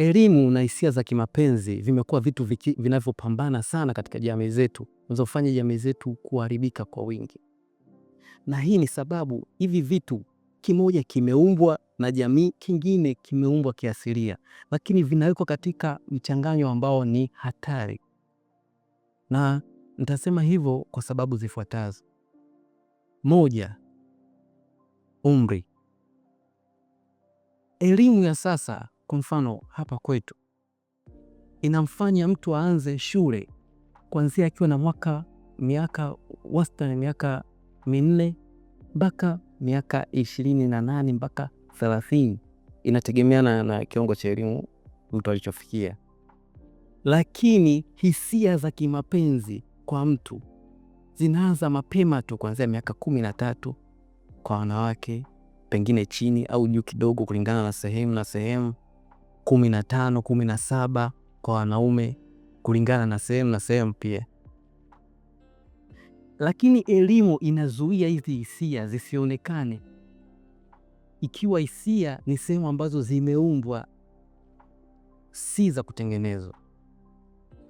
Elimu na hisia za kimapenzi vimekuwa vitu vinavyopambana sana katika jamii zetu, zinazofanya jamii zetu kuharibika kwa wingi, na hii ni sababu hivi vitu kimoja kimeumbwa na jamii, kingine kimeumbwa kiasilia, lakini vinawekwa katika mchanganyo ambao ni hatari, na nitasema hivyo kwa sababu zifuatazo. Moja, umri. Elimu ya sasa kwa mfano hapa kwetu inamfanya mtu aanze shule kuanzia akiwa na mwaka miaka wastani miaka minne mpaka miaka ishirini na nane mpaka thelathini inategemeana na kiwango cha elimu mtu alichofikia. Lakini hisia za kimapenzi kwa mtu zinaanza mapema tu kuanzia miaka kumi na tatu kwa wanawake, pengine chini au juu kidogo kulingana na sehemu na sehemu kumi na tano kumi na saba kwa wanaume kulingana na sehemu na sehemu pia. Lakini elimu inazuia hizi hisia zisionekane, ikiwa hisia ni sehemu ambazo zimeumbwa, si za kutengenezwa.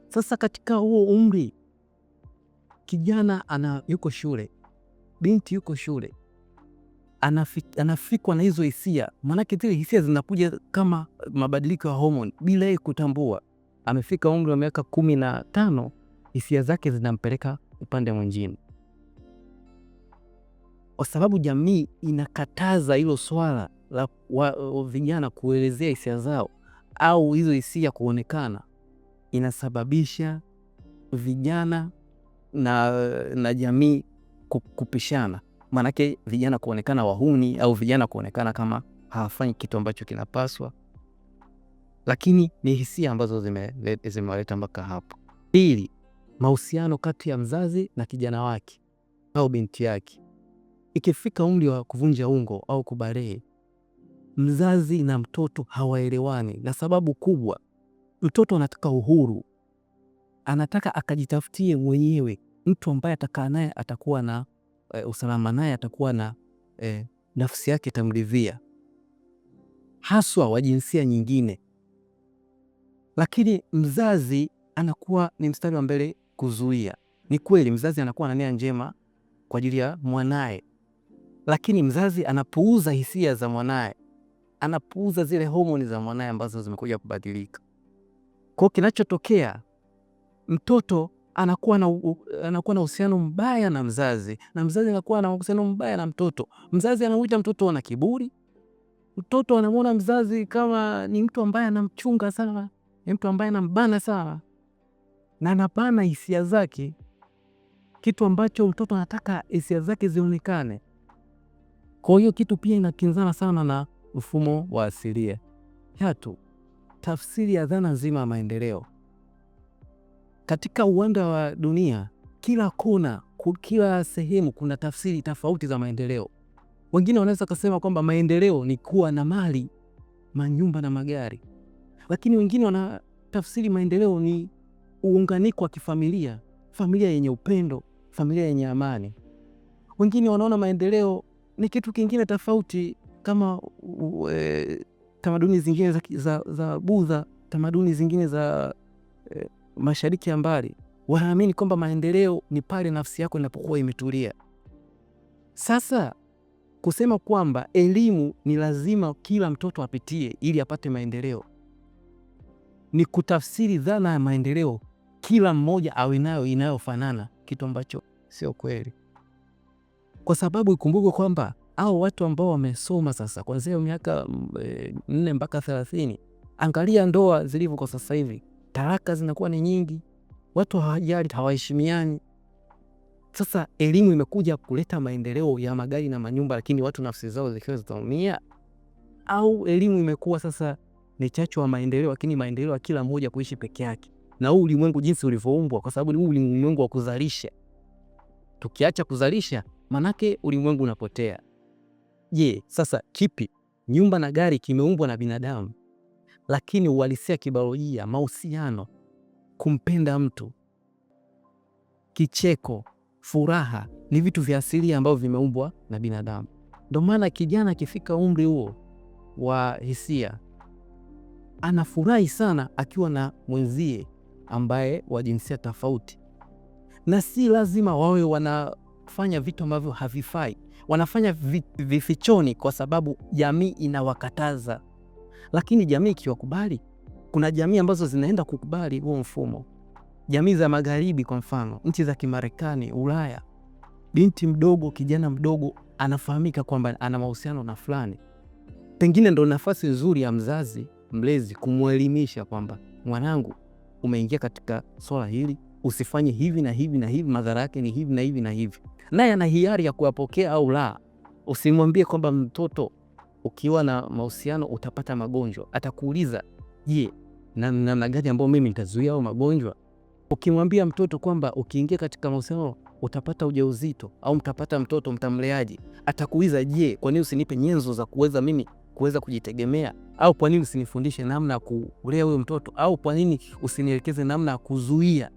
Sasa katika huo umri kijana ana yuko shule, binti yuko shule, anafikwa na hizo hisia, maanake zile hisia zinakuja kama mabadiliko ya homoni bila yeye kutambua. Amefika umri wa miaka kumi na tano, hisia zake zinampeleka upande mwingine, kwa sababu jamii inakataza hilo swala la vijana kuelezea hisia zao au hizo hisia kuonekana. Inasababisha vijana na, na jamii kupishana maanake vijana kuonekana wahuni au vijana kuonekana kama hawafanyi kitu ambacho kinapaswa, lakini ni hisia ambazo zimewaleta zime mpaka hapo. Pili, mahusiano kati ya mzazi na kijana wake au binti yake. Ikifika umri wa kuvunja ungo au kubalehe, mzazi na mtoto hawaelewani, na sababu kubwa, mtoto anataka uhuru, anataka akajitafutie mwenyewe mtu ambaye atakaa naye, atakuwa na e, usalama naye atakuwa na e, nafsi yake itamridhia, haswa wa jinsia nyingine. Lakini mzazi anakuwa ni mstari wa mbele kuzuia. Ni kweli mzazi anakuwa na nia njema kwa ajili ya mwanaye, lakini mzazi anapuuza hisia za mwanaye, anapuuza zile homoni za mwanaye ambazo zimekuja kubadilika. Kwa kinachotokea mtoto anakuwa na anakuwa na uhusiano mbaya na mzazi, na mzazi anakuwa na uhusiano mbaya na mtoto. Mzazi anamwita mtoto ana kiburi, mtoto anamwona mzazi kama ni mtu ambaye anamchunga sana, ni mtu ambaye anambana sana, na anabana hisia zake, kitu ambacho mtoto anataka hisia zake zionekane. Kwa hiyo kitu pia inakinzana sana na mfumo wa asilia. Tatu, tafsiri ya dhana nzima ya maendeleo. Katika uwanda wa dunia, kila kona, kila sehemu kuna tafsiri tofauti za maendeleo. Wengine wanaweza kusema kwamba maendeleo ni kuwa na mali, manyumba na magari, lakini wengine wana tafsiri maendeleo ni uunganiko wa kifamilia, familia yenye upendo, familia yenye amani. Wengine wanaona maendeleo ni kitu kingine tofauti, kama e, tamaduni zingine za, za, za Budha, tamaduni zingine za e, mashariki ya mbali wanaamini kwamba maendeleo ni pale nafsi yako inapokuwa imetulia. Sasa kusema kwamba elimu ni lazima kila mtoto apitie ili apate maendeleo ni kutafsiri dhana ya maendeleo kila mmoja awe nayo inayofanana, kitu ambacho sio kweli, kwa sababu ikumbukwe kwamba au watu ambao wamesoma sasa kuanzia miaka mm, eh, nne mpaka thelathini, angalia ndoa zilivyo kwa sasa hivi taraka zinakuwa ni nyingi, watu hawajali, hawaheshimiani. Sasa elimu imekuja kuleta maendeleo ya magari na manyumba, lakini watu nafsi zao zikiwa zitaumia, au elimu imekuwa sasa ni chachu wa maendeleo, lakini maendeleo ya kila mmoja kuishi peke yake na huu ulimwengu jinsi ulivyoumbwa, kwa sababu huu ulimwengu wa kuzalisha. Tukiacha kuzalisha, manake ulimwengu unapotea. Je, sasa kipi? Nyumba na gari kimeumbwa na binadamu, lakini uhalisia kibiolojia, mahusiano, kumpenda mtu, kicheko, furaha ni vitu vya asilia ambavyo vimeumbwa na binadamu. Ndio maana kijana akifika umri huo wa hisia anafurahi sana akiwa na mwenzie ambaye wa jinsia tofauti, na si lazima wawe wanafanya vitu ambavyo havifai, wanafanya vifichoni kwa sababu jamii inawakataza lakini jamii ikiwakubali, kuna jamii ambazo zinaenda kukubali huo mfumo. Jamii za magharibi, kwa mfano nchi za Kimarekani, Ulaya, binti mdogo, kijana mdogo anafahamika kwamba ana mahusiano na fulani. Pengine ndo nafasi nzuri ya mzazi mlezi kumwelimisha kwamba mwanangu, umeingia katika swala hili, usifanye hivi na hivi na hivi, madhara yake ni hivi na hivi na hivi. Naye ana hiari ya kuyapokea au la. Usimwambie kwamba mtoto ukiwa na mahusiano utapata magonjwa. Atakuuliza, je, na namna gani ambayo mimi nitazuia hayo magonjwa? Ukimwambia mtoto kwamba ukiingia katika mahusiano utapata ujauzito au mtapata mtoto, mtamleaje? Atakuuliza, je, kwa nini usinipe nyenzo za kuweza mimi kuweza kujitegemea au kwa nini usinifundishe namna ya kulea huyo mtoto au kwa nini usinielekeze namna ya kuzuia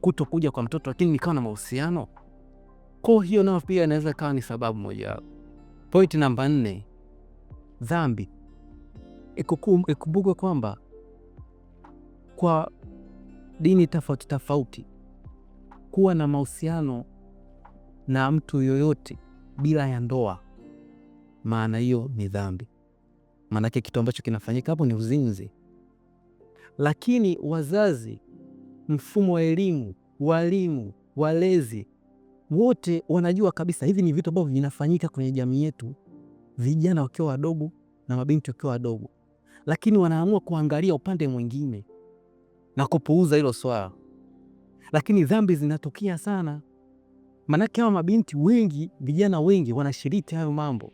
kutokuja kwa mtoto, lakini nikawa na mahusiano. Kwa hiyo nao pia inaweza kawa ni sababu mojawapo. Point namba nne, dhambi. Ikumbukwe kwamba kwa dini tofauti tofauti, kuwa na mahusiano na mtu yoyote bila ya ndoa, maana hiyo ni dhambi. Maanake kitu ambacho kinafanyika hapo ni uzinzi. Lakini wazazi, mfumo wa elimu, walimu, walezi wote wanajua kabisa hivi ni vitu ambavyo vinafanyika kwenye jamii yetu vijana wakiwa wadogo na mabinti wakiwa wadogo, lakini wanaamua kuangalia upande mwingine na kupuuza hilo swala, lakini dhambi zinatokea sana. Manake hawa mabinti wengi, vijana wengi wanashiriki hayo mambo,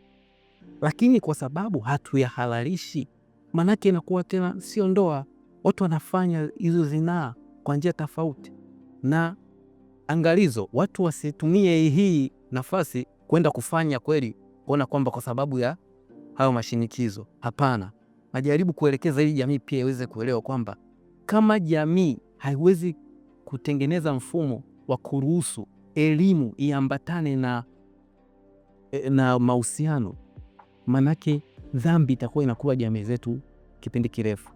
lakini kwa sababu hatuyahalalishi, manake inakuwa tena sio ndoa. Watu wanafanya hizo zinaa kwa njia tofauti, na angalizo, watu wasitumie hii nafasi kwenda kufanya kweli kuona kwamba kwa sababu ya hayo mashinikizo. Hapana, najaribu kuelekeza ili jamii pia iweze kuelewa kwamba kama jamii haiwezi kutengeneza mfumo wa kuruhusu elimu iambatane na, eh, na mahusiano, manake dhambi itakuwa inakuwa jamii zetu kipindi kirefu.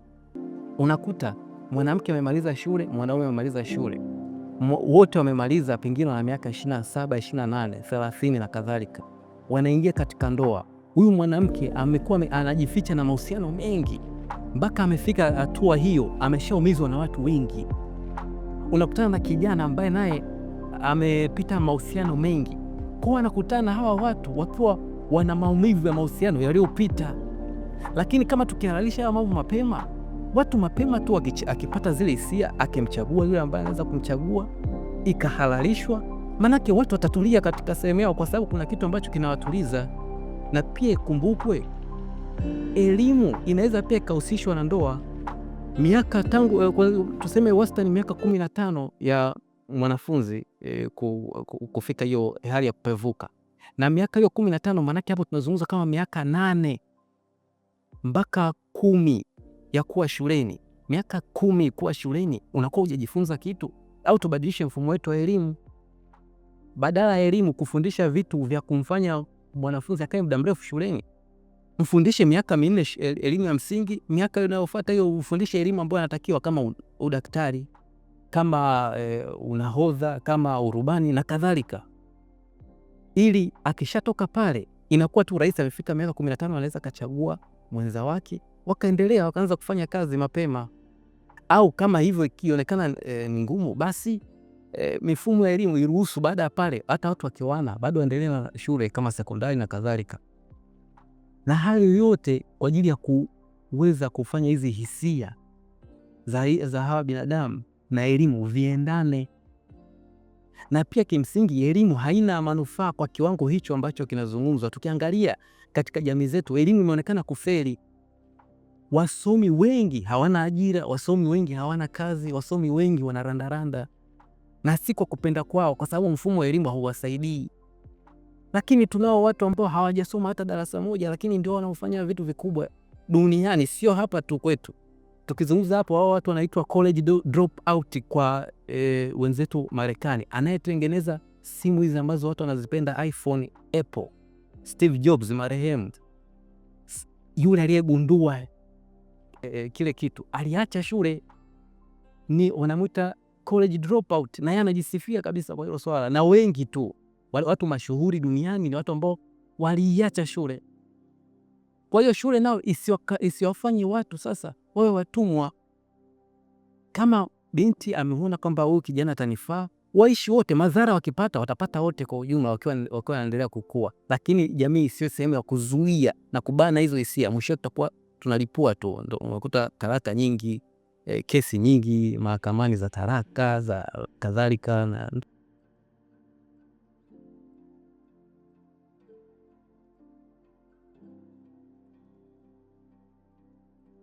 Unakuta mwanamke amemaliza shule, mwanaume amemaliza shule, wote wamemaliza pengine na miaka 27, 28, 30 na kadhalika wanaingia katika ndoa, huyu mwanamke amekuwa anajificha na mahusiano mengi mpaka amefika hatua hiyo, ameshaumizwa na watu wengi. Unakutana na kijana ambaye naye amepita mahusiano mengi, kwa anakutana hawa watu wakiwa wana maumivu ya mahusiano yaliyopita. Lakini kama tukihalalisha haya mambo mapema, watu mapema tu akipata zile hisia, akimchagua yule ambaye anaweza kumchagua, ikahalalishwa Maanake watu watatulia katika sehemu yao, kwa sababu kuna kitu ambacho kinawatuliza. Na pia ikumbukwe, elimu inaweza pia ikahusishwa na ndoa. Miaka tangu eh, tuseme wastani miaka kumi na tano ya mwanafunzi eh, kufika hiyo hali ya kupevuka, na miaka hiyo kumi na tano maanake hapo tunazungumza kama miaka nane mpaka kumi ya kuwa shuleni. Miaka kumi kuwa shuleni unakuwa hujajifunza kitu, au tubadilishe mfumo wetu wa elimu badala ya elimu kufundisha vitu vya kumfanya mwanafunzi akae muda mrefu shuleni, mfundishe miaka minne elimu ya msingi, miaka inayofuata hiyo ufundishe elimu ambayo anatakiwa kama udaktari, kama e, unahodha, kama urubani na kadhalika, ili akishatoka pale inakuwa tu rahisi. Amefika miaka 15 anaweza akachagua mwenza wake, wakaendelea wakaanza kufanya kazi mapema, au kama hivyo ikionekana e, ni ngumu basi e, mifumo ya elimu iruhusu baada ya pale hata watu wakiwana bado waendelee na shule kama sekondari na kadhalika, na hayo yote kwa ajili ya kuweza kufanya hizi hisia za, za hawa binadamu na elimu viendane. Na pia kimsingi elimu haina manufaa kwa kiwango hicho ambacho kinazungumzwa. Tukiangalia katika jamii zetu, elimu imeonekana kufeli. Wasomi wengi hawana ajira, wasomi wengi hawana kazi, wasomi wengi wanarandaranda na si kwa kupenda kwao, kwa sababu mfumo wa elimu hauwasaidii. Lakini tunao watu ambao hawajasoma hata darasa moja, lakini ndio wanaofanya vitu vikubwa duniani, sio hapa tu kwetu. Tukizungumza hapo, hao watu wanaitwa college drop out kwa e, wenzetu Marekani. Anayetengeneza simu hizi ambazo watu wanazipenda iPhone, Apple, Steve Jobs marehemu, yule aliyegundua e, kile kitu aliacha shule, ni wanamwita college dropout, na yeye anajisifia kabisa kwa hilo swala, na wengi tu wale watu mashuhuri duniani ni watu ambao waliacha shule. Kwa hiyo shule nao isiwafanye watu sasa wawe watumwa. Kama binti ameona kwamba huyu kijana atanifaa, waishi wote, madhara wakipata watapata wote kwa ujumla, wakiwa wakiwa wanaendelea kukua, lakini jamii sio sehemu ya kuzuia na kubana hizo hisia. Mwisho tutakuwa tunalipua tu, ndo unakuta talaka nyingi Eh, kesi nyingi mahakamani za taraka za kadhalika na